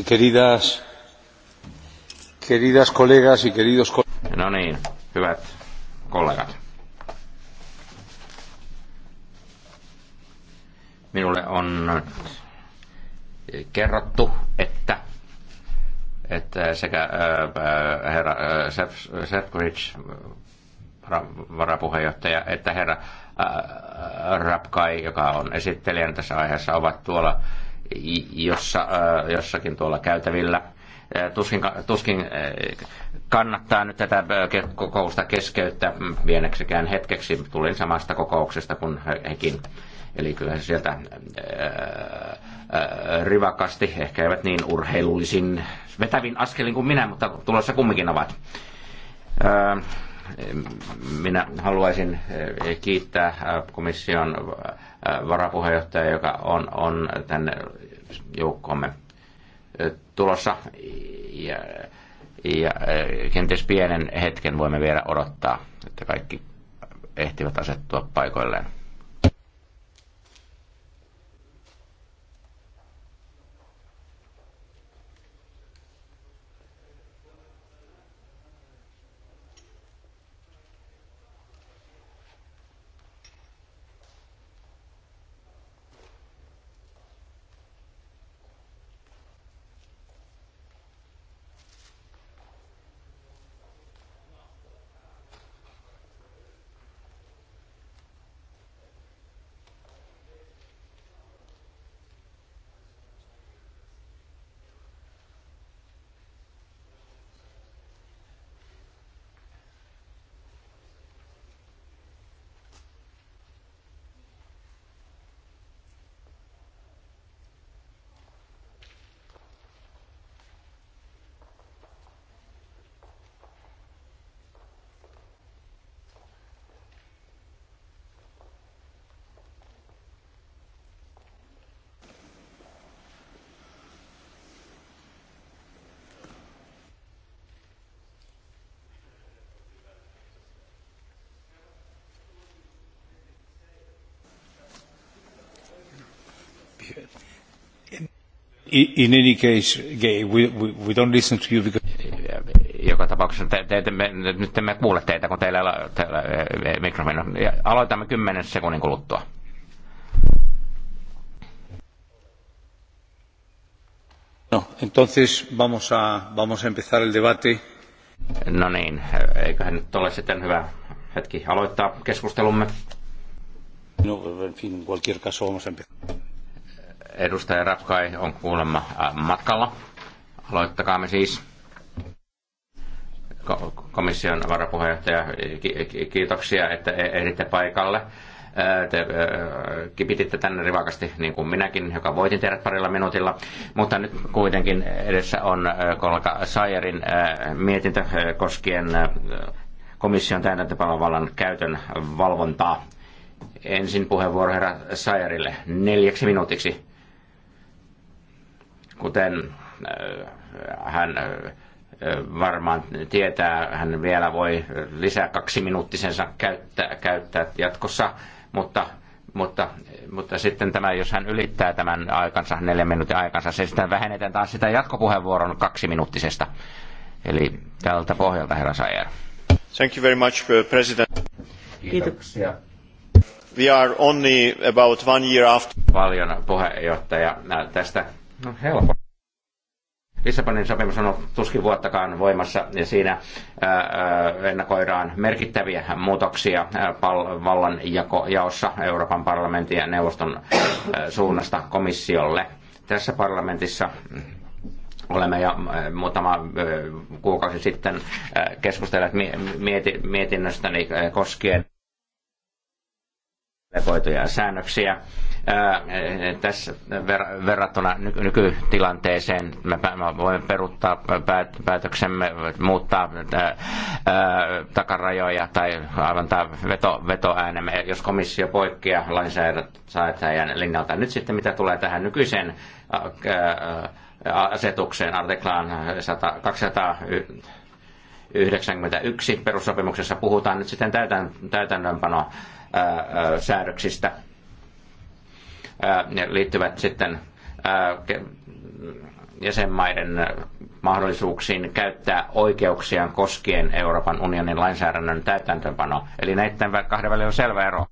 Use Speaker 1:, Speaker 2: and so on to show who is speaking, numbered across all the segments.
Speaker 1: queridas,
Speaker 2: queridas kollegas y queridos No niin, hyvät kollegat. Minulle on kerrottu, että että sekä äh, herra äh, Sefcovic, varapuheenjohtaja, että herra äh, Rapkai, joka on esittelijän tässä aiheessa, ovat tuolla jossa, jossakin tuolla käytävillä. Tuskin, tuskin kannattaa nyt tätä kokousta keskeyttää pieneksikään mm, hetkeksi. Tulin samasta kokouksesta kuin hekin. Eli kyllä se sieltä rivakasti, ehkä eivät niin urheilullisin vetävin askelin kuin minä, mutta tulossa kumminkin ovat. Ää, minä haluaisin eh, kiittää eh, komission eh, varapuheenjohtajaa, joka on, on tänne joukkoomme tulossa. Ja, ja kenties pienen hetken voimme vielä odottaa, että kaikki ehtivät asettua paikoilleen. In any case, Gay, we, we, we don't listen to you because... Joka tapauksessa te, te, te, me, nyt emme kuule teitä, kun teillä, ole eh, mikrofoni Aloitamme kymmenen sekunnin kuluttua. No, entonces vamos a, vamos a empezar el debate. No niin, eiköhän nyt ole sitten hyvä hetki aloittaa keskustelumme. No, en fin, cualquier caso vamos a empezar. Edustaja Rapkai on kuulemma äh, matkalla. Aloittakaamme siis komission varapuheenjohtaja, kiitoksia, että e-, ehditte paikalle. Äh, te äh, kipititte tänne rivakasti, niin kuin minäkin, joka voitin tehdä parilla minuutilla. Mutta nyt kuitenkin edessä on kollega Sayerin mietintö koskien komission täydentäpäivävallan käytön valvontaa. Ensin puheenvuoro herra Sayerille neljäksi minuutiksi. Kuten äh, hän äh, varmaan tietää, hän vielä voi lisää kaksi minuuttisensa käyttää, käyttää jatkossa, mutta mutta, mutta sitten tämä, jos hän ylittää tämän aikansa, neljän minuutin aikansa, se sitten vähennetään taas sitä jatkopuheenvuoron minuuttisesta, Eli tältä pohjalta, herra Sayer. Thank you very much, uh, President. Kiitoksia. We are only about one year after. Paljon puheenjohtaja äh, tästä No helppo. Lissabonin sopimus on ollut tuskin vuottakaan voimassa ja siinä ennakoidaan merkittäviä muutoksia vallanjaossa Euroopan parlamentin ja neuvoston suunnasta komissiolle. Tässä parlamentissa olemme jo muutama kuukausi sitten keskustelleet mietinnöstäni koskien delegoituja säännöksiä tässä ver- verrattuna nykytilanteeseen me voimme peruuttaa päät- päätöksemme, muuttaa ää, takarajoja tai antaa veto- vetoäänemme, jos komissio poikkeaa lainsäätäjän linjalta. Nyt sitten mitä tulee tähän nykyiseen ää, asetukseen, artiklaan 100, 200 91 perussopimuksessa puhutaan nyt sitten täytän, täytännönpano säädöksistä. Ne liittyvät sitten jäsenmaiden mahdollisuuksiin käyttää oikeuksiaan koskien Euroopan unionin lainsäädännön täytäntöönpanoa. Eli näiden kahden välillä on selvä ero.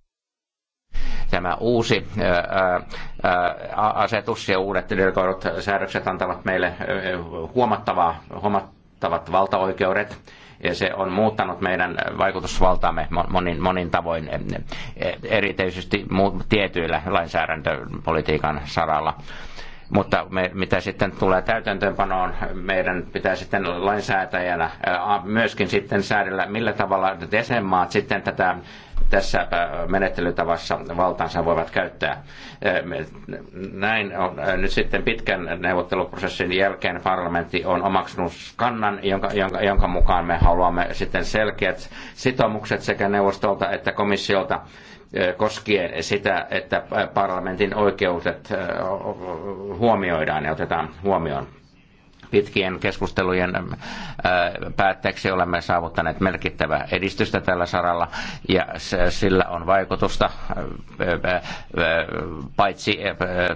Speaker 2: Tämä uusi asetus ja uudet delegoidut säädökset antavat meille huomattavaa, huomattavat valtaoikeudet ja se on muuttanut meidän vaikutusvaltaamme monin, monin tavoin, e, e, erityisesti tietyillä lainsäädäntöpolitiikan saralla mutta me, mitä sitten tulee täytäntöönpanoon, meidän pitää sitten lainsäätäjänä myöskin sitten säädellä, millä tavalla jäsenmaat sitten tätä tässä menettelytavassa valtaansa voivat käyttää. Näin on nyt sitten pitkän neuvotteluprosessin jälkeen parlamentti on omaksunut kannan, jonka, jonka, jonka mukaan me haluamme sitten selkeät sitoumukset sekä neuvostolta että komissiolta Eh, koskien sitä, että eh, parlamentin oikeudet eh, huomioidaan ja otetaan huomioon. Pitkien keskustelujen päätteeksi olemme saavuttaneet merkittävää edistystä tällä saralla ja sillä on vaikutusta paitsi,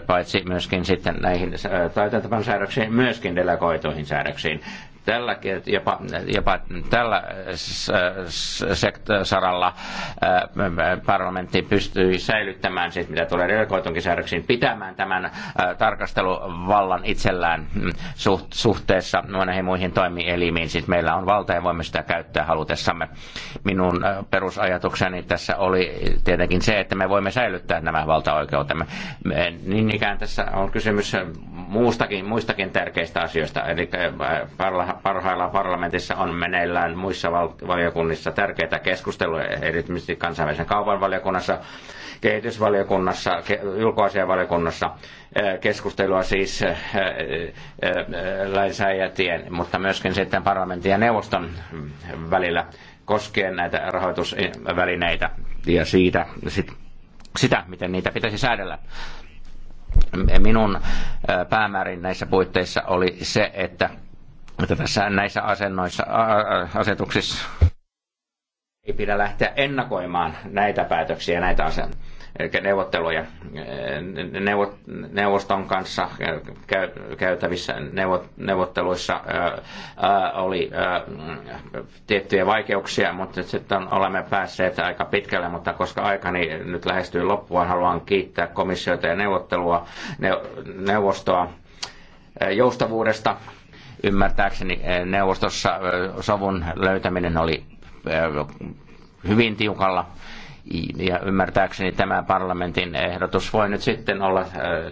Speaker 2: paitsi myöskin sitten näihin täytäntöpan säädöksiin, myöskin delegoituihin säädöksiin tällä, jopa, jopa tällä saralla parlamentti pystyi säilyttämään siis, mitä tulee säädöksiin, pitämään tämän tarkasteluvallan itsellään mm, suhteessa noihin muihin toimielimiin. Siis meillä on valta ja voimme sitä käyttää halutessamme. Minun perusajatukseni tässä oli tietenkin se, että me voimme säilyttää nämä valtaoikeutemme. Niin ikään tässä on kysymys muustakin, muistakin tärkeistä asioista, eli parhaillaan parlamentissa on meneillään muissa valiokunnissa tärkeitä keskusteluja, erityisesti kansainvälisen kaupan valiokunnassa, kehitysvaliokunnassa, ulkoasianvaliokunnassa, eh, keskustelua siis eh, eh, lainsäädäntien, mutta myöskin sitten parlamentin ja neuvoston välillä koskien näitä rahoitusvälineitä ja siitä, sit, sitä, miten niitä pitäisi säädellä minun päämäärin näissä puitteissa oli se, että mutta tässä näissä asennoissa, asetuksissa ei pidä lähteä ennakoimaan näitä päätöksiä, näitä asentoja eli neuvotteluja eh, neuvoston kanssa eh, käytävissä neuvotteluissa eh, oli tiettyjä vaikeuksia, mutta nyt sitten olemme päässeet aika pitkälle, mutta koska aikani nyt lähestyy loppua, haluan kiittää komissiota ja neuvottelua, neuvostoa joustavuudesta Ymmärtääkseni eh, neuvostossa eh, sovun löytäminen oli eh, hyvin tiukalla ja ymmärtääkseni tämä parlamentin ehdotus voi nyt sitten olla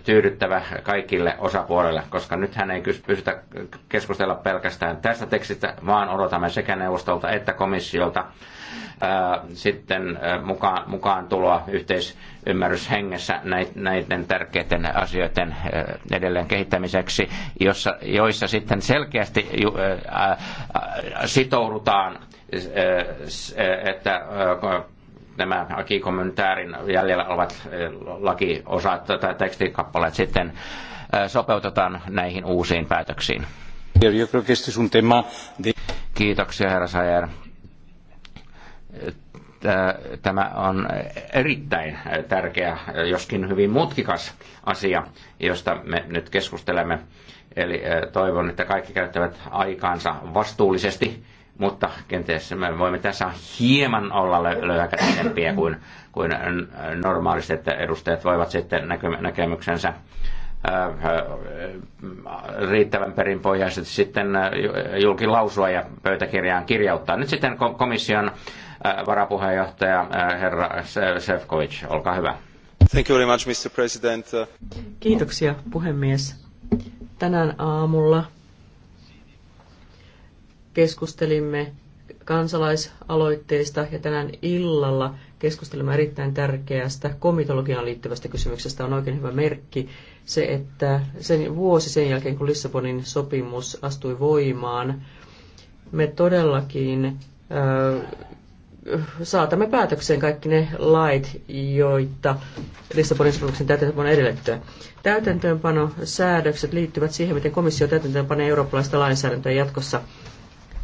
Speaker 2: tyydyttävä kaikille osapuolille, koska nyt hän ei pystytä keskustella pelkästään tästä tekstistä, vaan odotamme sekä neuvostolta että komissiolta sitten mukaan, mukaan tuloa yhteisymmärryshengessä näiden tärkeiden asioiden edelleen kehittämiseksi, jossa, joissa sitten selkeästi sitoudutaan, että nämä akikommentaarin jäljellä olevat eh, lakiosat tai tekstikappaleet sitten eh, sopeutetaan näihin uusiin päätöksiin. Kiitoksia, herra Sajer. Tämä on erittäin tärkeä, joskin hyvin mutkikas asia, josta me nyt keskustelemme. Eli eh, toivon, että kaikki käyttävät aikaansa vastuullisesti mutta kenties me voimme tässä hieman olla löyhäkätisempiä kuin, kuin normaalisti, että edustajat voivat sitten näkemyksensä äh, riittävän perinpohjaisesti sitten äh, julkilausua ja pöytäkirjaan kirjauttaa. Nyt sitten komission äh, varapuheenjohtaja herra Sefcovic, olkaa hyvä. Thank you very much, Mr. President.
Speaker 1: Kiitoksia, puhemies. Tänään aamulla keskustelimme kansalaisaloitteista ja tänään illalla keskustelemme erittäin tärkeästä komitologiaan liittyvästä kysymyksestä. On oikein hyvä merkki se, että sen vuosi sen jälkeen, kun Lissabonin sopimus astui voimaan, me todellakin äh, saatamme päätökseen kaikki ne lait, joita Lissabonin sopimuksen täytäntöönpano edellyttää. Täytäntöönpano säädökset liittyvät siihen, miten komissio täytäntöönpanee eurooppalaista lainsäädäntöä jatkossa –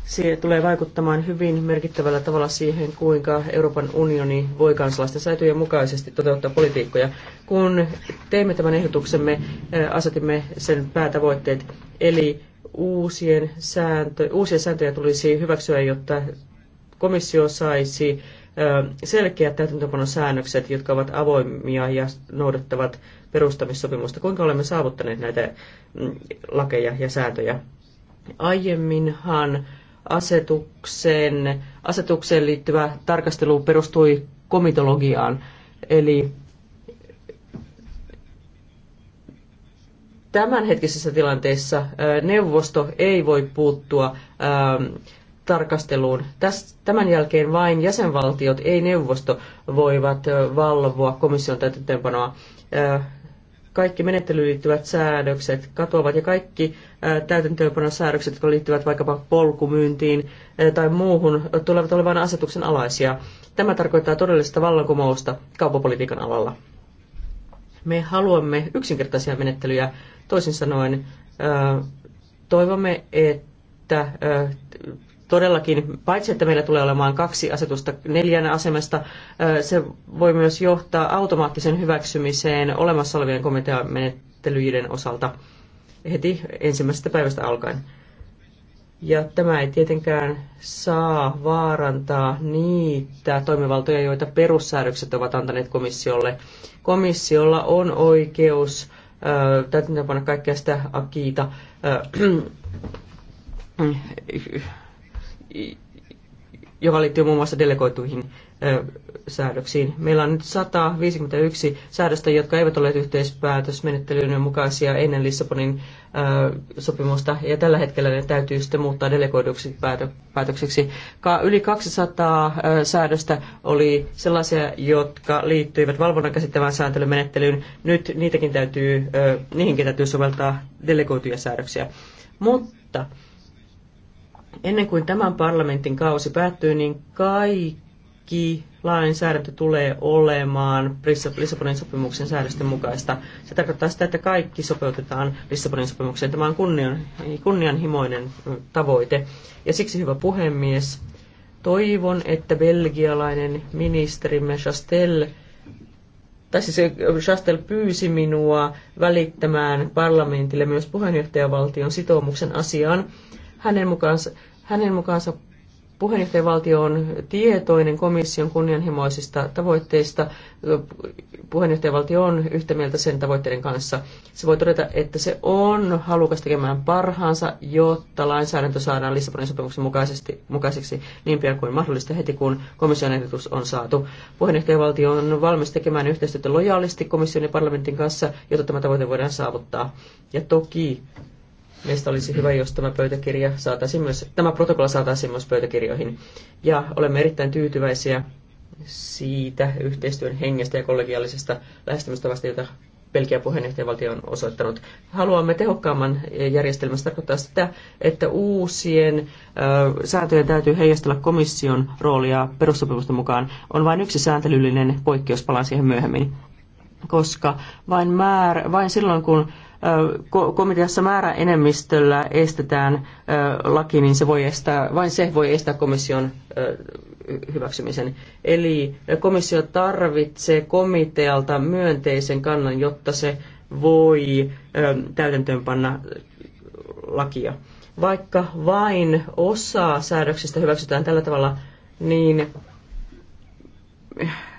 Speaker 1: se tulee vaikuttamaan hyvin merkittävällä tavalla siihen, kuinka Euroopan unioni voi kansalaisten säilyjen mukaisesti toteuttaa politiikkoja. Kun teimme tämän ehdotuksemme, eh, asetimme sen päätavoitteet, eli uusien sääntö, uusia sääntöjä tulisi hyväksyä, jotta komissio saisi eh, selkeät säännökset jotka ovat avoimia ja noudattavat perustamissopimusta. Kuinka olemme saavuttaneet näitä mm, lakeja ja sääntöjä? Aiemminhan asetukseen, asetukseen liittyvä tarkastelu perustui komitologiaan. Eli tämänhetkisessä tilanteessa neuvosto ei voi puuttua tarkasteluun. Tämän jälkeen vain jäsenvaltiot, ei neuvosto, voivat valvoa komission täytäntöönpanoa kaikki menettelyyn liittyvät säädökset katoavat ja kaikki täytäntöönpanosäädökset, jotka liittyvät vaikkapa polkumyyntiin tai muuhun, tulevat olemaan asetuksen alaisia. Tämä tarkoittaa todellista vallankumousta kauppapolitiikan alalla. Me haluamme yksinkertaisia menettelyjä, toisin sanoen toivomme, että todellakin, paitsi että meillä tulee olemaan kaksi asetusta neljän asemesta, se voi myös johtaa automaattisen hyväksymiseen olemassa olevien komiteamenettelyiden osalta heti ensimmäisestä päivästä alkaen. Ja tämä ei tietenkään saa vaarantaa niitä toimivaltoja, joita perussäädökset ovat antaneet komissiolle. Komissiolla on oikeus, äh, täytyy panna kaikkea sitä akiita, äh, joka liittyy muun muassa delegoituihin säädöksiin. Meillä on nyt 151 säädöstä, jotka eivät ole yhteispäätösmenettelyyn mukaisia ennen Lissabonin sopimusta, ja tällä hetkellä ne täytyy sitten muuttaa delegoiduksi päätöksiksi. yli 200 säädöstä oli sellaisia, jotka liittyivät valvonnan käsittävään sääntelymenettelyyn. Nyt niitäkin täytyy, niihinkin täytyy soveltaa delegoituja säädöksiä. Mutta ennen kuin tämän parlamentin kausi päättyy, niin kaikki lainsäädäntö tulee olemaan Lissabonin sopimuksen säädösten mukaista. Se tarkoittaa sitä, että kaikki sopeutetaan Lissabonin sopimukseen. Tämä on kunnian, kunnianhimoinen tavoite. Ja siksi, hyvä puhemies, toivon, että belgialainen ministerimme Chastel tai siis Chastel pyysi minua välittämään parlamentille myös puheenjohtajavaltion sitoumuksen asiaan. Hänen mukaansa, hänen mukaansa puheenjohtajavaltio on tietoinen komission kunnianhimoisista tavoitteista. Puheenjohtajavaltio on yhtä mieltä sen tavoitteiden kanssa. Se voi todeta, että se on halukas tekemään parhaansa, jotta lainsäädäntö saadaan Lissabonin sopimuksen mukaisesti, mukaiseksi niin pian kuin mahdollista heti, kun komission ehdotus on saatu. Puheenjohtajavaltio on valmis tekemään yhteistyötä lojaalisti komission ja parlamentin kanssa, jotta tämä tavoite voidaan saavuttaa. Ja toki Meistä olisi hyvä, jos tämä pöytäkirja saataisiin myös, tämä protokolla saataisiin myös pöytäkirjoihin. Ja olemme erittäin tyytyväisiä siitä yhteistyön hengestä ja kollegiaalisesta lähestymistavasta, jota Belgian puheenjohtajavaltio on osoittanut. Haluamme tehokkaamman järjestelmän. Se tarkoittaa sitä, että uusien ö, sääntöjen täytyy heijastella komission roolia perussopimusten mukaan. On vain yksi sääntelyllinen poikkeus, palaan siihen myöhemmin. Koska vain, määr vain silloin, kun komiteassa määräenemmistöllä estetään laki, niin se voi estää, vain se voi estää komission hyväksymisen. Eli komissio tarvitsee komitealta myönteisen kannan, jotta se voi täytäntöönpanna lakia. Vaikka vain osa säädöksistä hyväksytään tällä tavalla, niin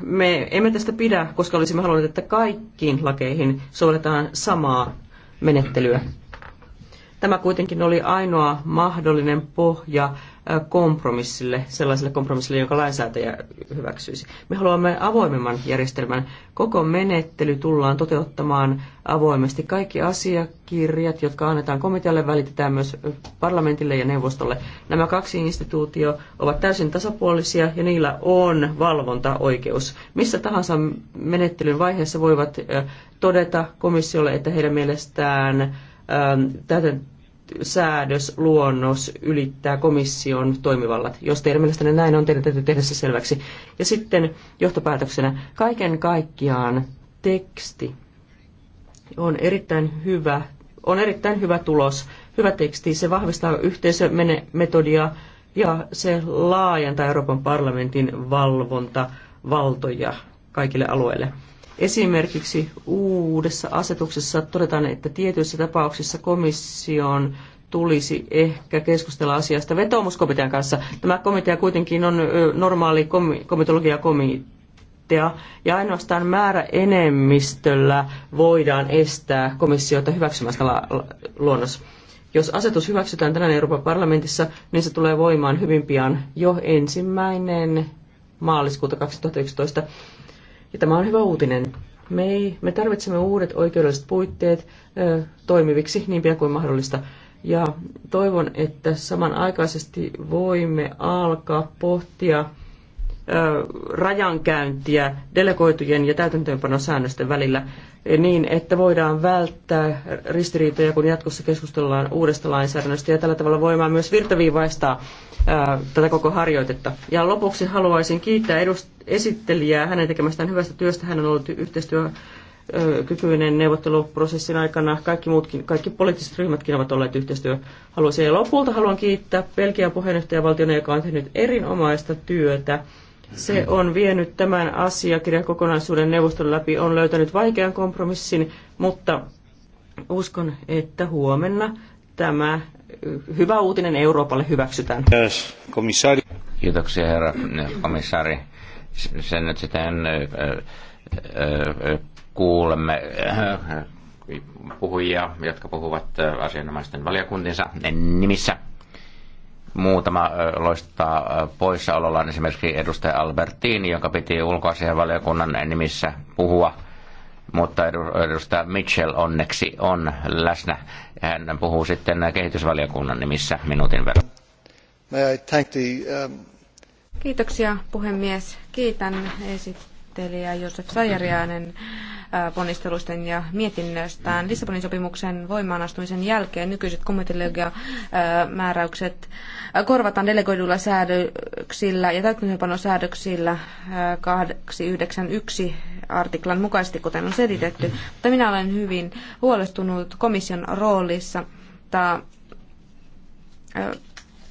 Speaker 1: me emme tästä pidä, koska olisimme halunneet, että kaikkiin lakeihin sovelletaan samaa menettelyä. Tämä kuitenkin oli ainoa mahdollinen pohja kompromissille, sellaiselle kompromissille, jonka lainsäätäjä hyväksyisi. Me haluamme avoimemman järjestelmän. Koko menettely tullaan toteuttamaan avoimesti. Kaikki asiakirjat, jotka annetaan komitealle, välitetään myös parlamentille ja neuvostolle. Nämä kaksi instituutio ovat täysin tasapuolisia ja niillä on valvontaoikeus. Missä tahansa menettelyn vaiheessa voivat todeta komissiolle, että heidän mielestään täytäntöön säädösluonnos ylittää komission toimivallat. Jos teidän mielestänne näin on, teidän täytyy tehdä se selväksi. Ja sitten johtopäätöksenä, kaiken kaikkiaan teksti on erittäin hyvä, on erittäin hyvä tulos. Hyvä teksti, se vahvistaa yhteisömetodia ja se laajentaa Euroopan parlamentin valvontavaltoja kaikille alueille. Esimerkiksi uudessa asetuksessa todetaan, että tietyissä tapauksissa komission tulisi ehkä keskustella asiasta vetoomuskomitean kanssa. Tämä komitea kuitenkin on normaali komitologiakomitea, ja ainoastaan määrä enemmistöllä voidaan estää komissiota hyväksymästä la- luonnos. Jos asetus hyväksytään tänään Euroopan parlamentissa, niin se tulee voimaan hyvin pian jo ensimmäinen maaliskuuta 2011. Ja tämä on hyvä uutinen. Me, ei, me tarvitsemme uudet oikeudelliset puitteet ö, toimiviksi niin pian kuin mahdollista. Ja toivon, että samanaikaisesti voimme alkaa pohtia rajankäyntiä delegoitujen ja täytäntöönpanosäännösten välillä e, niin, että voidaan välttää ristiriitoja, kun jatkossa keskustellaan uudesta lainsäädännöstä ja tällä tavalla voimaan myös virtaviivaistaa tätä koko harjoitetta. Ja lopuksi haluaisin kiittää edust- esittelijää hänen tekemästään hyvästä työstä. Hän on ollut yhteistyö kykyinen neuvotteluprosessin aikana. Kaikki, muutkin, kaikki poliittiset ryhmätkin ovat olleet yhteistyöhaluisia. Ja lopulta haluan kiittää Belgian puheenjohtajavaltiona, joka on tehnyt erinomaista työtä se on vienyt tämän asiakirjan kokonaisuuden neuvoston läpi, on löytänyt vaikean kompromissin, mutta uskon, että huomenna tämä hyvä uutinen Euroopalle hyväksytään.
Speaker 2: Kiitoksia herra komissaari. Sen nyt sitten kuulemme äh, puhujia, jotka puhuvat äh, asianomaisten valiokuntinsa nimissä muutama loistaa poissaolollaan esimerkiksi edustaja Albertini, joka piti ulkoasianvaliokunnan nimissä puhua, mutta edustaja Mitchell onneksi on läsnä. Hän puhuu sitten kehitysvaliokunnan nimissä minuutin verran.
Speaker 3: Um, Kiitoksia puhemies. Kiitän esittää esittelijä Josef Sajariainen äh, ponnistelusten ja mietinnöstään. Lissabonin sopimuksen voimaanastumisen jälkeen nykyiset äh, määräykset äh, korvataan delegoiduilla säädöksillä ja täytäntöönpanosäädöksillä 291 artiklan mukaisesti, kuten on selitetty. Mutta minä olen hyvin huolestunut komission roolissa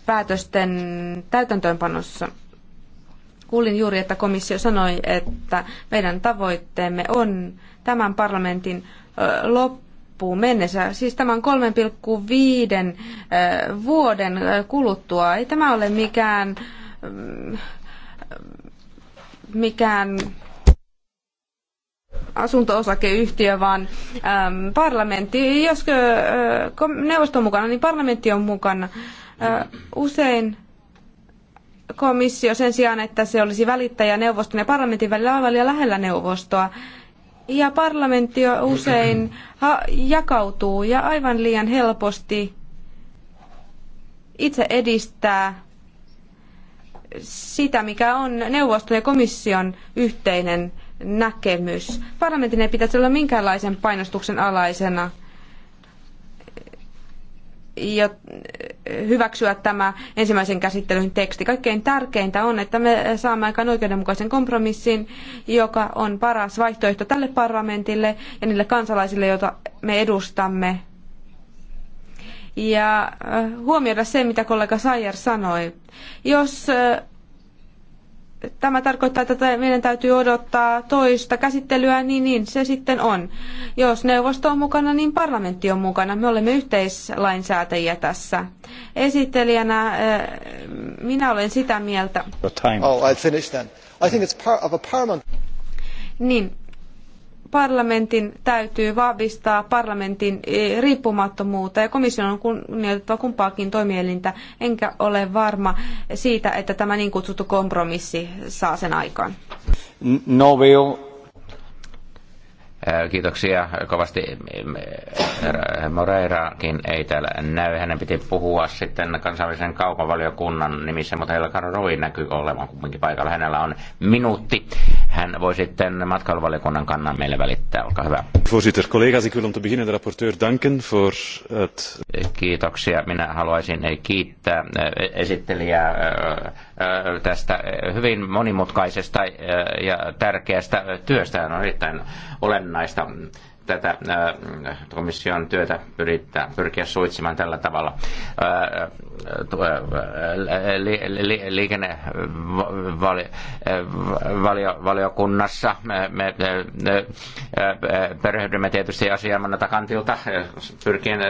Speaker 3: päätösten täytäntöönpanossa – Kuulin juuri, että komissio sanoi, että meidän tavoitteemme on tämän parlamentin loppuun mennessä, siis tämän 3,5 vuoden kuluttua. Ei tämä ole mikään, mm, mikään asunto-osakeyhtiö, vaan äm, parlamentti, jos äh, neuvosto on mukana, niin parlamentti on mukana. Äh, usein komissio sen sijaan, että se olisi välittäjä neuvoston ja parlamentin välillä aivan liian lähellä neuvostoa. Ja parlamentti usein jakautuu ja aivan liian helposti itse edistää sitä, mikä on neuvoston ja komission yhteinen näkemys. Parlamentin ei pitäisi olla minkäänlaisen painostuksen alaisena ja hyväksyä tämä ensimmäisen käsittelyn teksti. Kaikkein tärkeintä on, että me saamme aikaan oikeudenmukaisen kompromissin, joka on paras vaihtoehto tälle parlamentille ja niille kansalaisille, joita me edustamme. Ja äh, huomioida se, mitä kollega Sayer sanoi. Jos äh, tämä tarkoittaa, että meidän täytyy odottaa toista käsittelyä, niin, niin se sitten on. Jos neuvosto on mukana, niin parlamentti on mukana. Me olemme yhteislainsäätäjiä tässä. Esittelijänä eh, minä olen sitä mieltä.
Speaker 2: Oh, I'll finish then. I
Speaker 1: think it's of a
Speaker 3: Niin, parlamentin täytyy vahvistaa parlamentin e, riippumattomuutta ja komission on kunnioitettava kumpaakin toimielintä, enkä ole varma siitä, että tämä niin kutsuttu kompromissi saa sen aikaan.
Speaker 2: No Kiitoksia kovasti. Moreirakin ei täällä näy. Hänen piti puhua sitten kansainvälisen kaupavaliokunnan nimissä, mutta Helkan Rui näkyy olevan kumminkin paikalla. Hänellä on minuutti. Hän voi sitten matkailuvaliokunnan kannan meille välittää. Olkaa hyvä.
Speaker 3: Voorzitter, collega's, ik wil om te beginnen de rapporteur danken voor
Speaker 2: het... Kiitoksia. Minä haluaisin eh, kiittää eh, esittelijää eh, tästä hyvin monimutkaisesta ja tärkeästä työstä. Hän on erittäin olennainen näistä tätä komission työtä pyrittää, pyrkiä suitsimaan tällä tavalla. Liikennevaliokunnassa me perehdymme tietysti asiaan takantilta kantilta pyrkien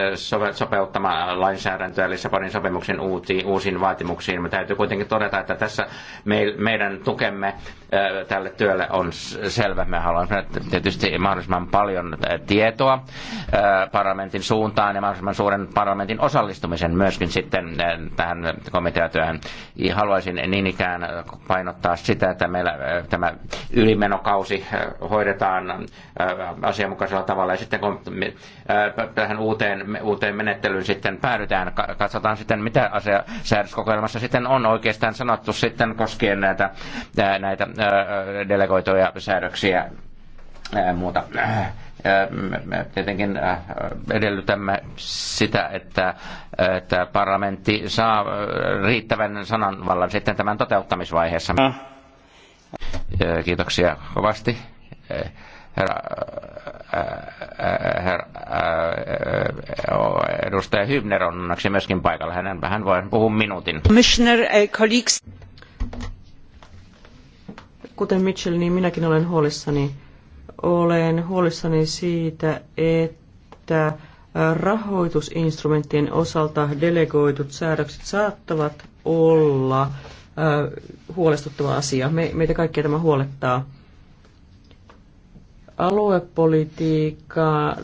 Speaker 2: sopeuttamaan lainsäädäntöä Lissabonin sopimuksen uusiin vaatimuksiin. Me täytyy kuitenkin todeta, että tässä meidän tukemme tälle työlle on selvä. Me haluamme tietysti mahdollisimman paljon tietoa parlamentin suuntaan ja mahdollisimman suuren parlamentin osallistumisen myöskin sitten tähän komiteatyöhön. Haluaisin niin ikään painottaa sitä, että meillä tämä ylimenokausi hoidetaan asianmukaisella tavalla ja sitten kun tähän uuteen, uuteen menettelyyn sitten päädytään, katsotaan sitten mitä asia, säädöskokoelmassa sitten on oikeastaan sanottu sitten koskien näitä, näitä delegoituja säädöksiä muuta me tietenkin edellytämme sitä, että, että parlamentti saa riittävän sananvallan sitten tämän toteuttamisvaiheessa. Kiitoksia kovasti. Herra, herra, edustaja Hybner on onneksi myöskin paikalla. Hänen, hän voi puhua minuutin.
Speaker 1: Commissioner, eh, Kuten Mitchell, niin minäkin olen huolissani olen huolissani siitä, että äh, rahoitusinstrumenttien osalta delegoidut säädökset saattavat olla äh, huolestuttava asia. meitä kaikkia tämä huolettaa. Aluepolitiikkaa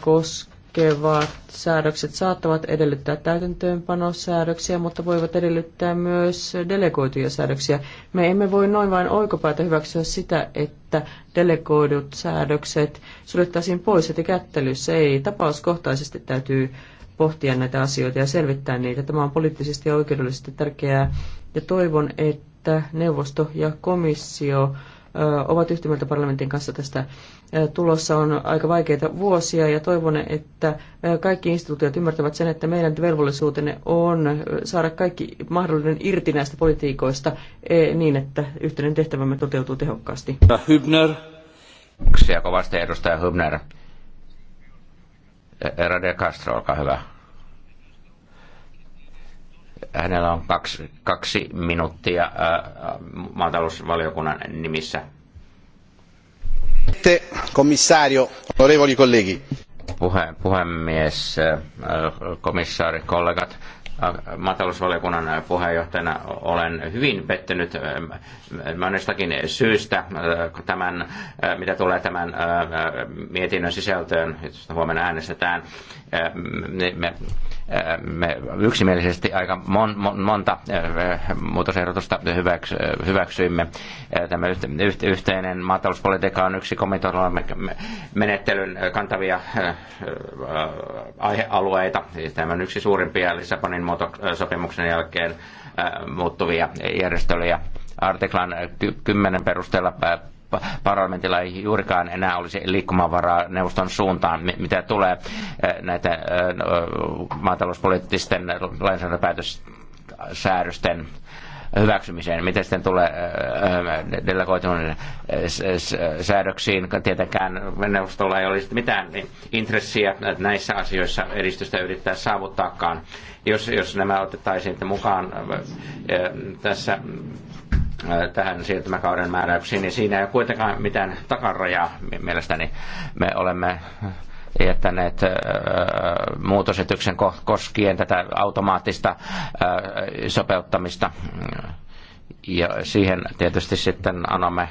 Speaker 1: koskee koskevat säädökset saattavat edellyttää täytäntöönpanosäädöksiä, mutta voivat edellyttää myös delegoituja säädöksiä. Me emme voi noin vain oikopäätä hyväksyä sitä, että delegoidut säädökset suljettaisiin pois heti kättelyssä. Ei, tapauskohtaisesti täytyy pohtia näitä asioita ja selvittää niitä. Tämä on poliittisesti ja oikeudellisesti tärkeää ja toivon, että neuvosto ja komissio ovat yhtä mieltä parlamentin kanssa tästä. Tulossa on aika vaikeita vuosia ja toivon, että kaikki instituutiot ymmärtävät sen, että meidän velvollisuutenne on saada kaikki mahdollinen irti näistä politiikoista e, niin, että yhteinen tehtävämme toteutuu tehokkaasti.
Speaker 2: Hübner. Kiitoksia kovasti edustaja Hübner. E, Radia Castro, olkaa hyvä. Hänellä on kaksi, kaksi minuuttia maatalousvaliokunnan nimissä. Komissario, onorevoli kollegi. Puhe, puhemies, komissaari, kollegat maatalousvaliokunnan puheenjohtajana olen hyvin pettynyt monestakin syystä tämän, mitä tulee tämän mietinnön sisältöön, josta huomenna äänestetään. Me me yksimielisesti aika mon, mon, monta eh, muutosehdotusta hyväksy, hyväksyimme. Eh, tämä yhteinen maatalouspolitiikka on yksi komitealla menettelyn kantavia eh, aihealueita. Siis tämä on yksi suurimpia Lissabonin sopimuksen jälkeen muuttuvia järjestelyjä. Artiklan 10 perusteella parlamentilla ei juurikaan enää olisi liikkumavaraa neuvoston suuntaan, mitä tulee näitä maatalouspoliittisten lainsäädäntöpäätössäädösten hyväksymiseen. Miten sitten tulee delegoituneiden säädöksiin? Tietenkään neuvostolla ei olisi mitään intressiä näissä asioissa edistystä yrittää saavuttaakaan. Jos, jos nämä otettaisiin mukaan tässä tähän siirtymäkauden määräyksiin, niin siinä ei ole kuitenkaan mitään takarajaa mielestäni. Me olemme jättäneet muutosetyksen koskien tätä automaattista sopeuttamista ja siihen tietysti sitten annamme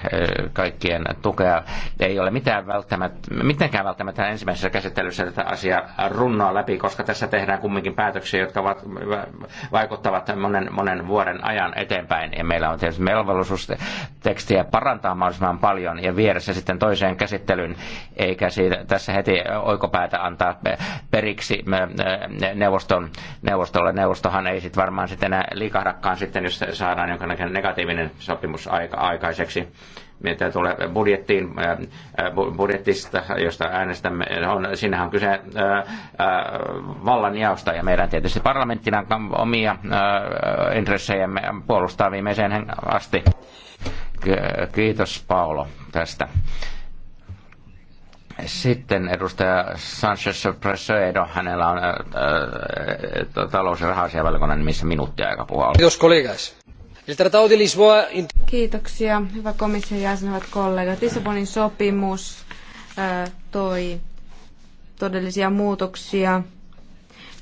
Speaker 2: kaikkien tukea. Ei ole mitään välttämättä, mitenkään välttämättä ensimmäisessä käsittelyssä tätä asiaa runnoa läpi, koska tässä tehdään kumminkin päätöksiä, jotka ovat, vaikuttavat monen, monen vuoden ajan eteenpäin. Ja meillä on tietysti melvollisuus tekstiä parantaa mahdollisimman paljon ja viedä se sitten toiseen käsittelyyn, eikä siitä, tässä heti oikopäätä antaa periksi neuvoston, neuvostolle. Neuvostohan ei sitten varmaan sitten enää liikahdakaan sitten, jos saadaan jonkinlainen negatiivinen sopimus aika, aikaiseksi. Mitä tulee budjettiin, budjettista, josta äänestämme, on, siinähän on kyse vallanjaosta ja meidän tietysti parlamenttina omia ää, intressejämme puolustaa viimeiseen asti. Kiitos Paolo tästä. Sitten edustaja Sanchez Presedo, hänellä on ää, talous- ja rahasiavalkoinen, missä minuuttia aika puhua
Speaker 3: Kiitos kollegas. Kiitoksia, hyvä komission jäsen, kollegat. Lissabonin sopimus toi todellisia muutoksia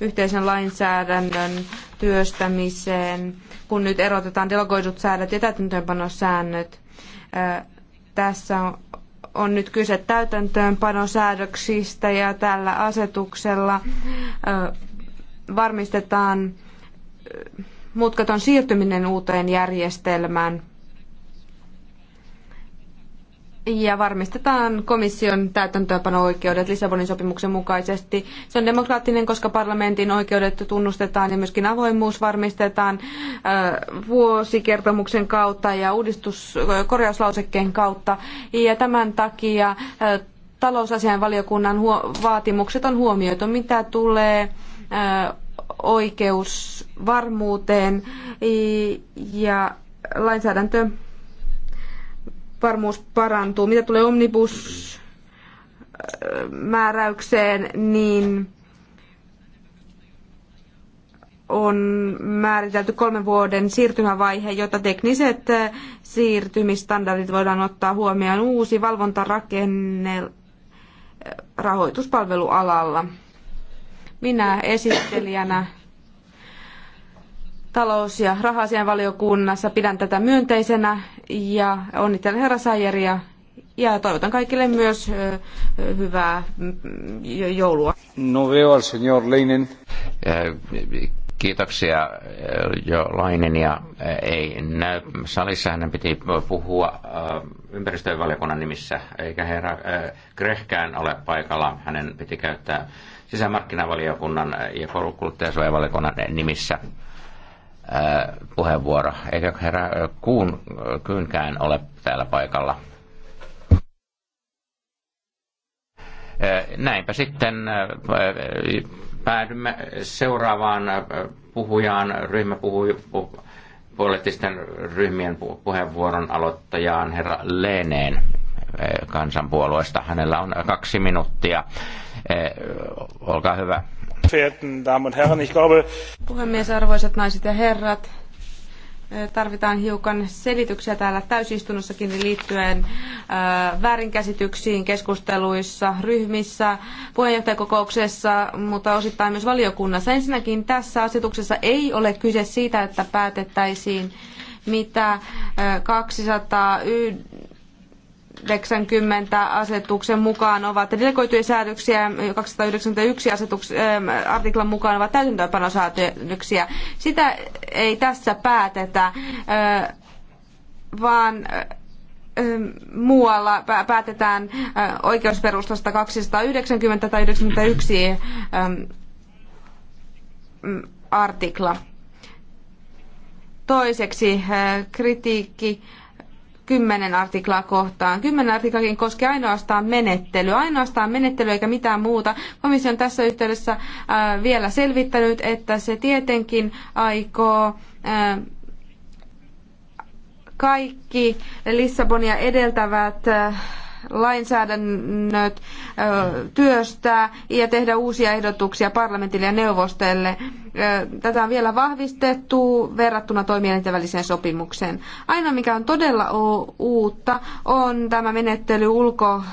Speaker 3: yhteisen lainsäädännön työstämiseen, kun nyt erotetaan delegoidut säädöt ja täytäntöönpanosäännöt. Tässä on nyt kyse täytäntöönpanosäädöksistä ja tällä asetuksella varmistetaan mutkaton siirtyminen uuteen järjestelmään ja varmistetaan komission täytäntöönpano-oikeudet Lissabonin sopimuksen mukaisesti. Se on demokraattinen, koska parlamentin oikeudet tunnustetaan ja myöskin avoimuus varmistetaan vuosikertomuksen kautta ja uudistus, korjauslausekkeen kautta. Ja tämän takia talousasianvaliokunnan vaatimukset on huomioitu, mitä tulee oikeusvarmuuteen ja lainsäädäntö varmuus parantuu. Mitä tulee omnibus-määräykseen, niin on määritelty kolmen vuoden siirtymävaihe, jotta tekniset siirtymistandardit voidaan ottaa huomioon uusi valvontarakenne rahoituspalvelualalla minä esittelijänä talous- ja rahasianvaliokunnassa pidän tätä myönteisenä ja onnittelen herra Sajeria ja toivotan kaikille myös hyvää mm, joulua. No veo al señor
Speaker 2: Leinen. Kiitoksia jo Lainen ja ei näy. Salissa hänen piti puhua ympäristövaliokunnan nimissä, eikä herra Krehkään ole paikalla. Hänen piti käyttää sisämarkkinavaliokunnan ja kuluttajasuojavaliokunnan nimissä puheenvuoro. Eikö herra Kuun, Kyynkään ole täällä paikalla? Näinpä sitten päädymme seuraavaan puhujaan, ryhmäpuolettisten ryhmien puheenvuoron aloittajaan herra Leneen kansanpuolueesta. Hänellä on kaksi minuuttia Eh, olkaa hyvä.
Speaker 3: Puhemies, arvoisat naiset ja herrat, eh, tarvitaan hiukan selityksiä täällä täysistunnossakin liittyen eh, väärinkäsityksiin keskusteluissa, ryhmissä, puheenjohtajakokouksessa, mutta osittain myös valiokunnassa. Ensinnäkin tässä asetuksessa ei ole kyse siitä, että päätettäisiin mitä 200 90 asetuksen mukaan ovat delegoituja säädöksiä, 291 asetuks, äh, artiklan mukaan ovat täytäntöönpanosäädöksiä. Sitä ei tässä päätetä, äh, vaan äh, ähm, muualla päätetään äh, oikeusperustasta 290 tai 91 äh, mm, artikla. Toiseksi äh, kritiikki äh, Kymmenen artiklaa kohtaan. Kymmenen artiklakin koskee ainoastaan menettelyä, ainoastaan menettelyä eikä mitään muuta. Komissio on tässä yhteydessä äh, vielä selvittänyt, että se tietenkin aikoo äh, kaikki Lissabonia edeltävät äh, lainsäädännöt työstää ja tehdä uusia ehdotuksia parlamentille ja neuvostolle. Tätä on vielä vahvistettu verrattuna toimielinten väliseen sopimukseen. Ainoa mikä on todella uutta on tämä menettely ulko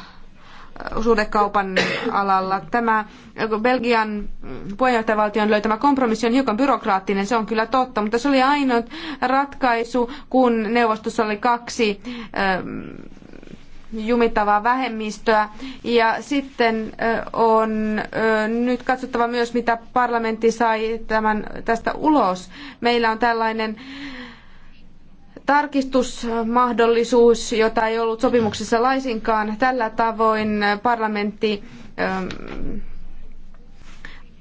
Speaker 3: suhdekaupan alalla. Tämä Belgian puheenjohtajavaltion löytämä kompromissi on hiukan byrokraattinen, se on kyllä totta, mutta se oli ainoa ratkaisu, kun neuvostossa oli kaksi jumittavaa vähemmistöä. Ja sitten on nyt katsottava myös, mitä parlamentti sai tämän, tästä ulos. Meillä on tällainen tarkistusmahdollisuus, jota ei ollut sopimuksessa laisinkaan. Tällä tavoin parlamentti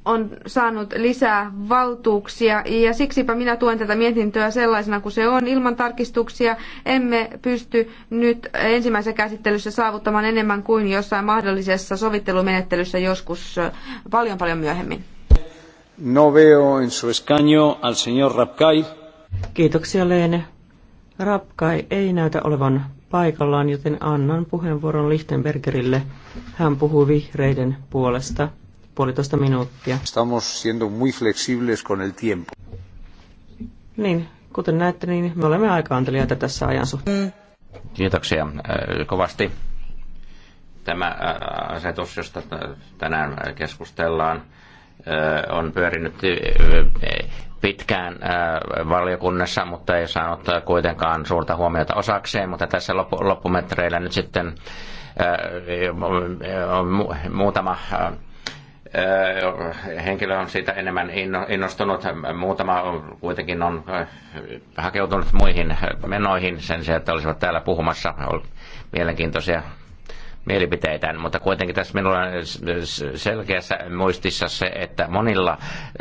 Speaker 3: on saanut lisää valtuuksia ja siksipä minä tuen tätä mietintöä sellaisena kuin se on. Ilman tarkistuksia emme pysty nyt ensimmäisessä käsittelyssä saavuttamaan enemmän kuin jossain mahdollisessa sovittelumenettelyssä joskus paljon paljon myöhemmin.
Speaker 2: No veo en su escaño al señor Rapkai.
Speaker 1: Kiitoksia Leene. Rapkai ei näytä olevan paikallaan, joten annan puheenvuoron Lichtenbergerille. Hän puhuu vihreiden puolesta puolitoista minuuttia.
Speaker 2: Estamos siendo muy flexibles con el tiempo.
Speaker 1: Niin, kuten näette, niin me olemme aika anteliaita tässä ajan suhteen.
Speaker 2: Kiitoksia äh, kovasti. Tämä äh, asetus, josta tänään keskustellaan, äh, on pyörinyt pitkään valiokunnassa, mutta ei saanut kuitenkaan suurta huomiota osakseen, mutta tässä loppumetreillä nyt sitten muutama henkilö on siitä enemmän innostunut. Muutama kuitenkin on hakeutunut muihin menoihin sen sijaan, että olisivat täällä puhumassa. Oli mielenkiintoisia mielipiteitä, mutta kuitenkin tässä minulla on selkeässä muistissa se, että monilla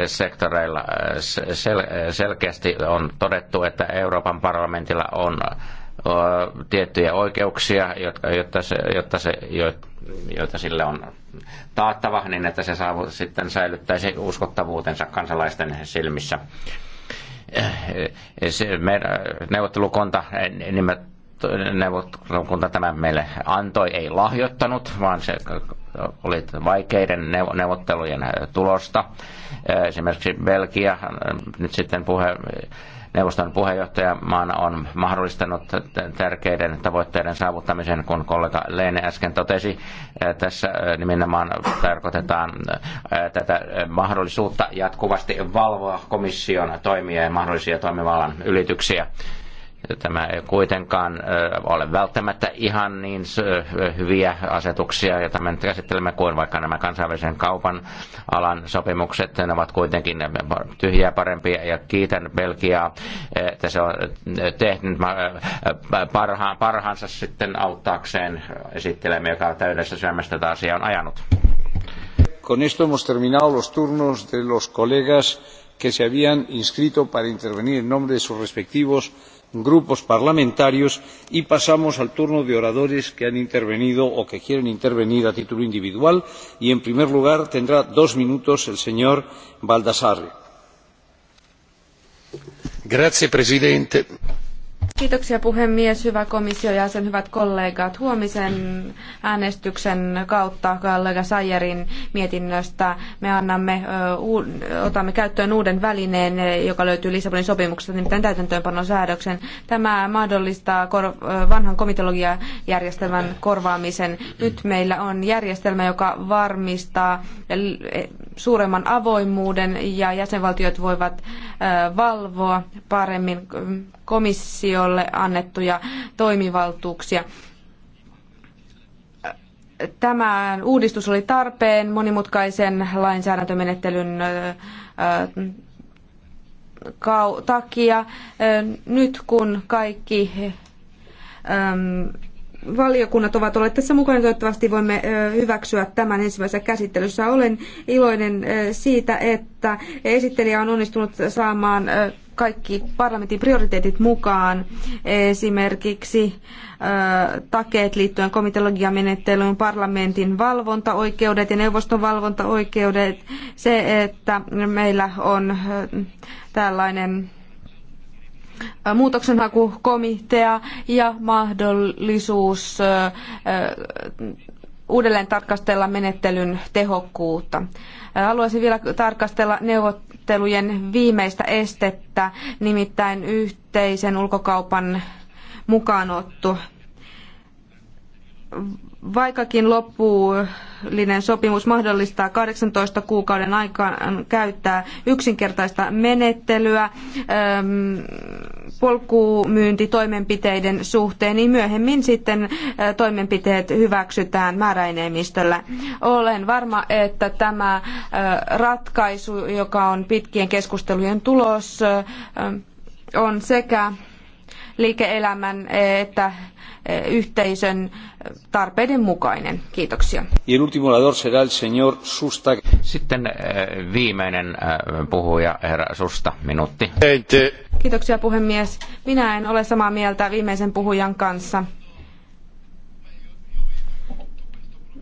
Speaker 2: sektoreilla sel- selkeästi on todettu, että Euroopan parlamentilla on tiettyjä oikeuksia, jotka, jotta se, jotta se, joita sille on taattava, niin että se saavut, sitten säilyttäisi uskottavuutensa kansalaisten silmissä. Se, meidän neuvottelukunta nimet, neuvottelukunta tämä meille antoi, ei lahjoittanut, vaan se oli vaikeiden neuvottelujen tulosta. Esimerkiksi Belgia nyt sitten puhe Neuvoston puheenjohtajamaana on mahdollistanut tärkeiden tavoitteiden saavuttamisen, kun kollega Leene äsken totesi. Tässä nimenomaan tarkoitetaan tätä mahdollisuutta jatkuvasti valvoa komission toimia ja mahdollisia toimivallan ylityksiä Tämä ei kuitenkaan ole välttämättä ihan niin hyviä asetuksia, joita me nyt käsittelemme, kuin vaikka nämä kansainvälisen kaupan alan sopimukset. Ne ovat kuitenkin tyhjiä parempia ja kiitän Belgiaa, että se on tehnyt parhaan, parhaansa sitten auttaakseen esittelemme, joka on täydessä syömästä tätä asiaa on ajanut. Con esto hemos terminado los turnos de los colegas que se habían inscrito para intervenir en nombre de sus respectivos grupos parlamentarios y pasamos al turno de oradores que han intervenido o que quieren intervenir a título individual y en primer lugar tendrá dos minutos el señor
Speaker 1: baldassarre.
Speaker 3: Kiitoksia puhemies, hyvä komissio ja sen hyvät kollegat. Huomisen äänestyksen kautta kollega Sajerin mietinnöstä me annamme, otamme käyttöön uuden välineen, joka löytyy Lissabonin sopimuksesta, nimittäin täytäntöönpanosäädöksen. Tämä mahdollistaa vanhan komitologiajärjestelmän korvaamisen. Nyt meillä on järjestelmä, joka varmistaa suuremman avoimuuden ja jäsenvaltiot voivat valvoa paremmin komissio komissiolle annettuja toimivaltuuksia. Tämä uudistus oli tarpeen monimutkaisen lainsäädäntömenettelyn takia. Nyt kun kaikki valiokunnat ovat olleet tässä mukana. Niin toivottavasti voimme hyväksyä tämän ensimmäisessä käsittelyssä. Olen iloinen siitä, että esittelijä on onnistunut saamaan kaikki parlamentin prioriteetit mukaan, esimerkiksi takeet liittyen komitologiamenettelyyn, parlamentin valvontaoikeudet ja neuvoston valvontaoikeudet, se, että meillä on tällainen muutoksenhakukomitea ja mahdollisuus uudelleen tarkastella menettelyn tehokkuutta. Haluaisin vielä tarkastella neuvot, neuvottelujen viimeistä estettä, nimittäin yhteisen ulkokaupan mukaanotto Vaikkakin loppuullinen sopimus mahdollistaa 18 kuukauden aikaan käyttää yksinkertaista menettelyä ähm, polkumyyntitoimenpiteiden suhteen, niin myöhemmin sitten äh, toimenpiteet hyväksytään määräenemmistöllä. Olen varma, että tämä äh, ratkaisu, joka on pitkien keskustelujen tulos, äh, on sekä liike-elämän että yhteisön tarpeiden mukainen. Kiitoksia.
Speaker 2: Sitten eh, viimeinen eh, puhuja, herra Susta, minuutti.
Speaker 3: Kiitoksia puhemies. Minä en ole samaa mieltä viimeisen puhujan kanssa.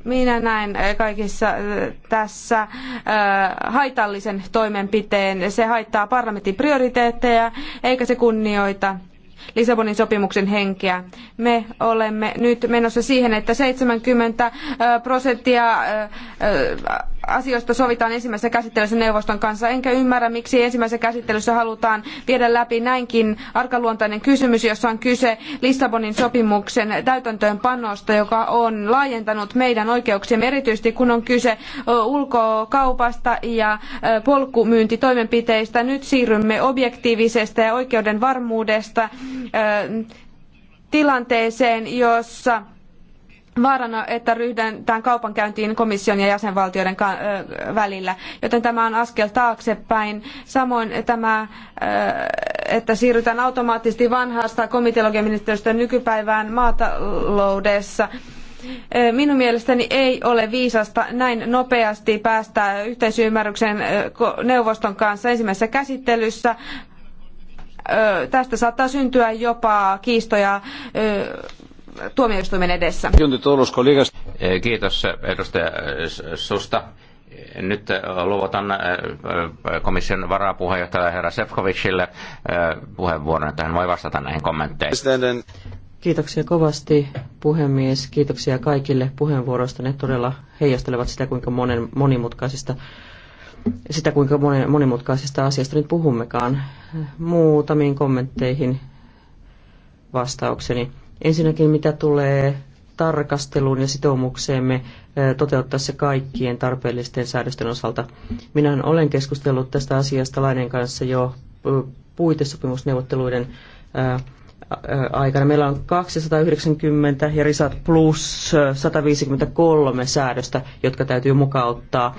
Speaker 3: minä näen eh, kaikissa tässä haitallisen toimenpiteen. Se haittaa parlamentin prioriteetteja eikä se kunnioita Lissabonin sopimuksen henkeä. Me olemme nyt menossa siihen, että 70 prosenttia asioista sovitaan ensimmäisessä käsittelyssä neuvoston kanssa, enkä ymmärrä, miksi ensimmäisessä käsittelyssä halutaan viedä läpi näinkin arkaluontainen kysymys, jossa on kyse Lissabonin sopimuksen täytäntöönpanosta, joka on laajentanut meidän oikeuksiamme erityisesti, kun on kyse ulkokaupasta ja polkumyyntitoimenpiteistä. Nyt siirrymme objektiivisesta ja oikeudenvarmuudesta tilanteeseen, jossa vaarana, että ryhdytään kaupankäyntiin komission ja jäsenvaltioiden välillä, joten tämä on askel taaksepäin. Samoin tämä, että siirrytään automaattisesti vanhasta komiteologiaministeriöstä nykypäivään maataloudessa. Minun mielestäni ei ole viisasta näin nopeasti päästä yhteisymmärrykseen neuvoston kanssa ensimmäisessä käsittelyssä. Tästä saattaa syntyä jopa kiistoja tuomioistuimen edessä.
Speaker 2: Kiitos edustaja Susta. Nyt luovutan äh, komission varapuheenjohtaja herra Sefcovicille äh, puheenvuoron, että hän voi vastata
Speaker 1: näihin kommentteihin. Kiitoksia kovasti puhemies, kiitoksia kaikille puheenvuoroista. Ne todella heijastelevat sitä, kuinka monen, monimutkaisista sitä, kuinka monimutkaisesta asiasta nyt puhummekaan. Muutamiin kommentteihin vastaukseni. Ensinnäkin mitä tulee tarkasteluun ja sitoumukseemme toteuttaa se kaikkien tarpeellisten säädösten osalta. Minä olen keskustellut tästä asiasta Lainen kanssa jo puitesopimusneuvotteluiden aikana. Meillä on 290 ja RISAT plus 153 säädöstä, jotka täytyy mukauttaa.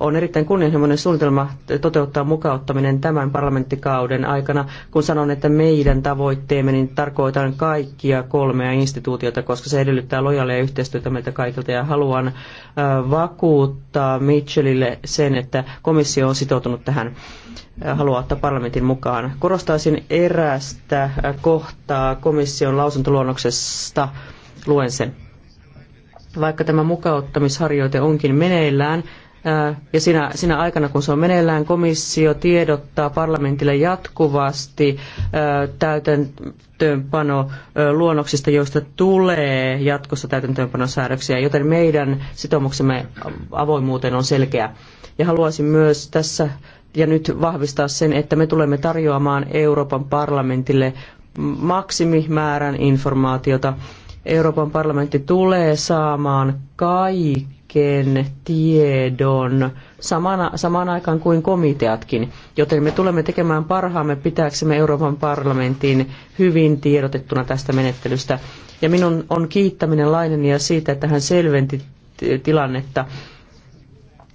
Speaker 1: On erittäin kunnianhimoinen suunnitelma toteuttaa mukauttaminen tämän parlamenttikauden aikana. Kun sanon, että meidän tavoitteemme, niin tarkoitan kaikkia kolmea instituutiota, koska se edellyttää lojaalia yhteistyötä meiltä kaikilta. Ja haluan vakuuttaa Mitchellille sen, että komissio on sitoutunut tähän haluaa ottaa parlamentin mukaan. Korostaisin erästä kohtaa komission lausuntoluonnoksesta. Luen sen. Vaikka tämä mukauttamisharjoite onkin meneillään, ja sinä, siinä aikana, kun se on meneillään, komissio tiedottaa parlamentille jatkuvasti täytäntöönpano luonnoksista, joista tulee jatkossa täytäntöönpanosäädöksiä, joten meidän sitoumuksemme avoimuuteen on selkeä. Ja haluaisin myös tässä ja nyt vahvistaa sen, että me tulemme tarjoamaan Euroopan parlamentille maksimimäärän informaatiota. Euroopan parlamentti tulee saamaan kaiken tiedon samana, samaan aikaan kuin komiteatkin, joten me tulemme tekemään parhaamme pitääksemme Euroopan parlamentin hyvin tiedotettuna tästä menettelystä. Ja minun on kiittäminen Lainenia siitä, että hän selventi tilannetta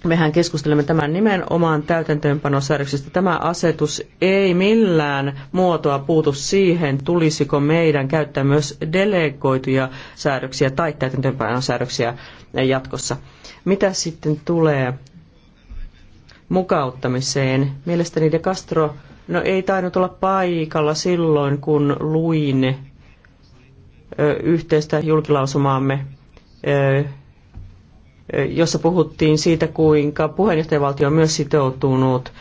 Speaker 1: Mehän keskustelemme tämän nimenomaan täytäntöönpanosäädöksestä. Tämä asetus ei millään muotoa puutu siihen, tulisiko meidän käyttää myös delegoituja säädöksiä tai täytäntöönpanosäädöksiä jatkossa. Mitä sitten tulee mukauttamiseen? Mielestäni De Castro no, ei tainnut olla paikalla silloin, kun luin yhteistä julkilausumaamme jossa puhuttiin siitä, kuinka puheenjohtajavaltio on myös sitoutunut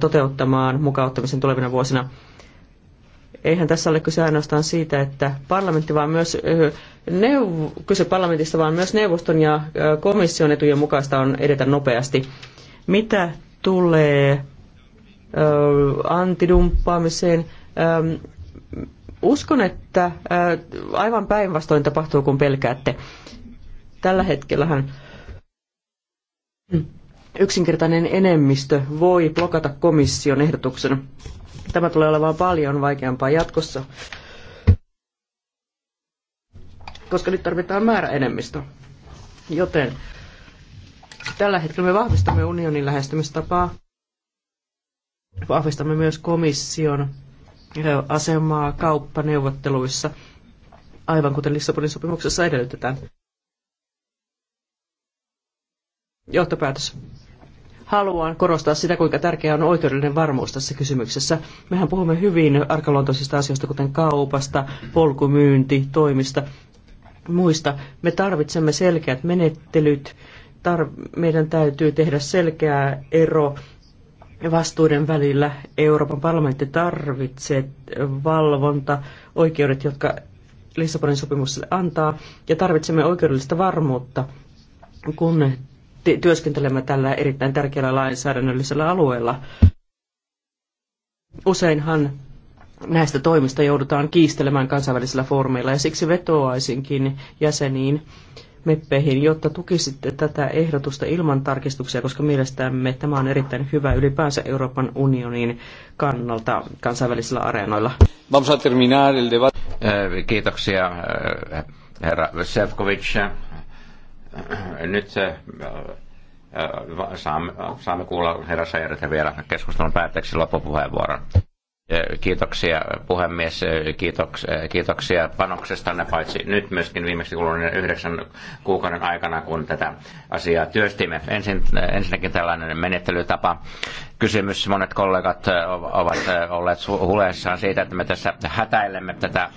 Speaker 1: toteuttamaan mukauttamisen tulevina vuosina. Eihän tässä ole kyse ainoastaan siitä, että parlamentti, vaan myös neuv- kyse parlamentista, vaan myös neuvoston ja komission etujen mukaista on edetä nopeasti. Mitä tulee antidumppaamiseen. Uskon, että aivan päinvastoin tapahtuu, kun pelkäätte. Tällä hetkellähän yksinkertainen enemmistö voi blokata komission ehdotuksen. Tämä tulee olemaan paljon vaikeampaa jatkossa, koska nyt tarvitaan määräenemmistö. Joten tällä hetkellä me vahvistamme unionin lähestymistapaa, vahvistamme myös komission asemaa kauppaneuvotteluissa, aivan kuten Lissabonin sopimuksessa edellytetään. Johtopäätös. Haluan korostaa sitä, kuinka tärkeää on oikeudellinen varmuus tässä kysymyksessä. Mehän puhumme hyvin arkaluontoisista asioista, kuten kaupasta, polkumyynti, toimista, muista. Me tarvitsemme selkeät menettelyt. Tar- meidän täytyy tehdä selkeä ero vastuuden välillä. Euroopan parlamentti tarvitsee valvonta, oikeudet, jotka Lissabonin sopimus antaa, ja tarvitsemme oikeudellista varmuutta kun työskentelemme tällä erittäin tärkeällä lainsäädännöllisellä alueella. Useinhan näistä toimista joudutaan kiistelemään kansainvälisillä foorumeilla ja siksi vetoaisinkin jäseniin meppeihin, jotta tukisitte tätä ehdotusta ilman tarkistuksia, koska mielestämme tämä on erittäin hyvä ylipäänsä Euroopan unionin kannalta kansainvälisillä areenoilla.
Speaker 2: Äh, kiitoksia äh, herra Vesevkovic nyt se äh, saamme, saamme kuulla herra Sajerita vielä keskustelun päätteeksi loppupuheenvuoron. Kiitoksia puhemies, kiitoks, kiitoksia ne paitsi nyt myöskin viimeksi kuluneen yhdeksän kuukauden aikana, kun tätä asiaa työstimme. Ensin, ensinnäkin tällainen menettelytapa kysymys. Monet kollegat ovat olleet huleessaan siitä, että me tässä hätäilemme tätä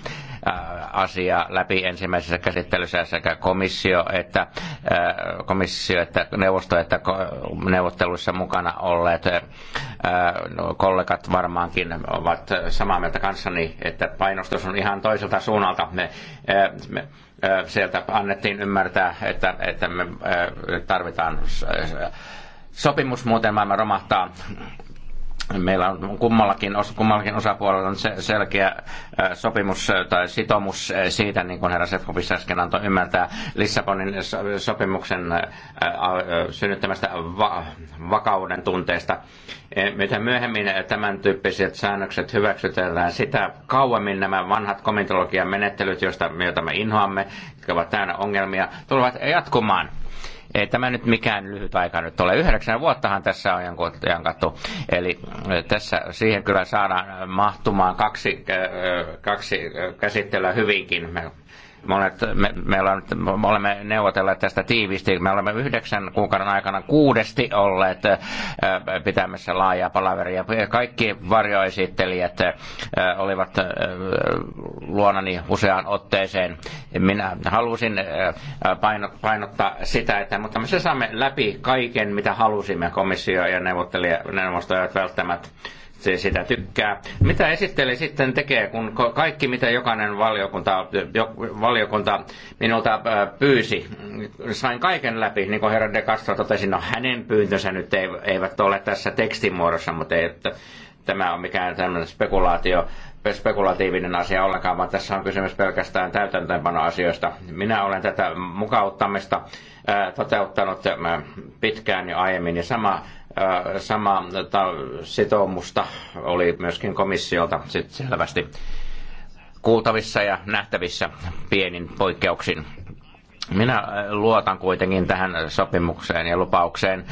Speaker 2: asia läpi ensimmäisessä käsittelyssä sekä komissio että, komissio että neuvosto että neuvotteluissa mukana olleet no, kollegat varmaankin ovat samaa mieltä kanssani, että painostus on ihan toiselta suunnalta. Me, me, sieltä annettiin ymmärtää, että, että me tarvitaan sopimus, muuten maailma romahtaa meillä on kummallakin, kummallakin osapuolella on selkeä sopimus tai sitomus siitä, niin kuin herra Sefkovissa äsken antoi ymmärtää, Lissabonin sopimuksen synnyttämästä vakauden tunteesta. E, mitä myöhemmin tämän tyyppiset säännökset hyväksytellään, sitä kauemmin nämä vanhat komitologian menettelyt, joista me inhoamme, jotka ovat täynnä ongelmia, tulevat jatkumaan ei tämä nyt mikään lyhyt aika nyt ole. Yhdeksän vuottahan tässä on jankattu. Eli tässä siihen kyllä saadaan mahtumaan kaksi, kaksi käsittelyä hyvinkin monet, me, meillä on, me olemme neuvotelleet tästä tiivisti. Me olemme yhdeksän kuukauden aikana kuudesti olleet pitämässä laajaa palaveria. Kaikki varjoesittelijät olivat luonani useaan otteeseen. Minä halusin painottaa sitä, että mutta me saamme läpi kaiken, mitä halusimme komissio ja neuvottelijat välttämättä se sitä tykkää. Mitä esitteli sitten tekee, kun kaikki mitä jokainen valiokunta, valiokunta minulta pyysi, sain kaiken läpi, niin kuin herra de Castro totesi, no hänen pyyntönsä nyt eivät ole tässä tekstimuodossa, mutta ei, että tämä on mikään tämmöinen spekulaatio, spekulatiivinen asia ollenkaan, vaan tässä on kysymys pelkästään täytäntöönpanoasioista. Minä olen tätä mukauttamista toteuttanut pitkään jo aiemmin, ja sama Äh, sama sitoumusta oli myöskin komissiolta sit selvästi kuultavissa ja nähtävissä pienin poikkeuksin. Minä äh, luotan kuitenkin tähän sopimukseen ja lupaukseen.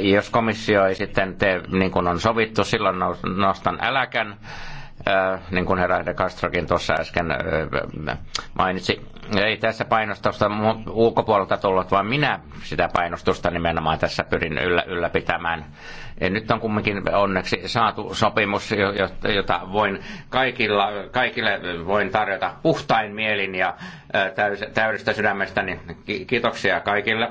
Speaker 2: Jos komissio ei sitten tee niin kuin on sovittu, silloin nostan äläkän Äh, niin kuin herra De Castrokin tuossa äsken äh, mainitsi. Ei tässä painostusta ulkopuolelta tullut, vaan minä sitä painostusta nimenomaan tässä pyrin yllä, ylläpitämään. Ja nyt on kumminkin onneksi saatu sopimus, jota voin kaikilla, kaikille voin tarjota puhtain mielin ja äh, täys, täydestä sydämestäni. Kiitoksia kaikille,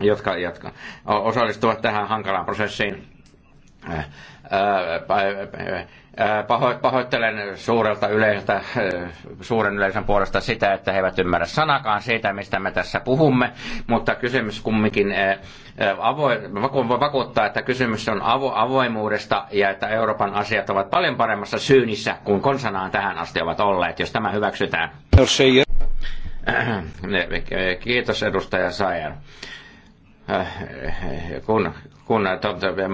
Speaker 2: jotka, jotka osallistuvat tähän hankalaan prosessiin Paho, pahoittelen suurelta yleisöltä, suuren yleisön puolesta sitä, että he eivät ymmärrä sanakaan siitä, mistä me tässä puhumme, mutta kysymys kumminkin, avoin, voi vakuuttaa, että kysymys on avo, avoimuudesta ja että Euroopan asiat ovat paljon paremmassa syynissä kuin konsanaan tähän asti ovat olleet, jos tämä hyväksytään. Äh, kiitos edustaja Sayer äh, kun kun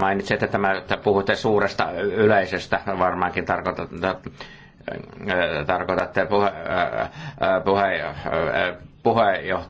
Speaker 2: mainitsit, että, tämä, että puhutte suuresta yleisöstä, varmaankin tarkoitatte, tarkoitatte puhe, puhe, puhe,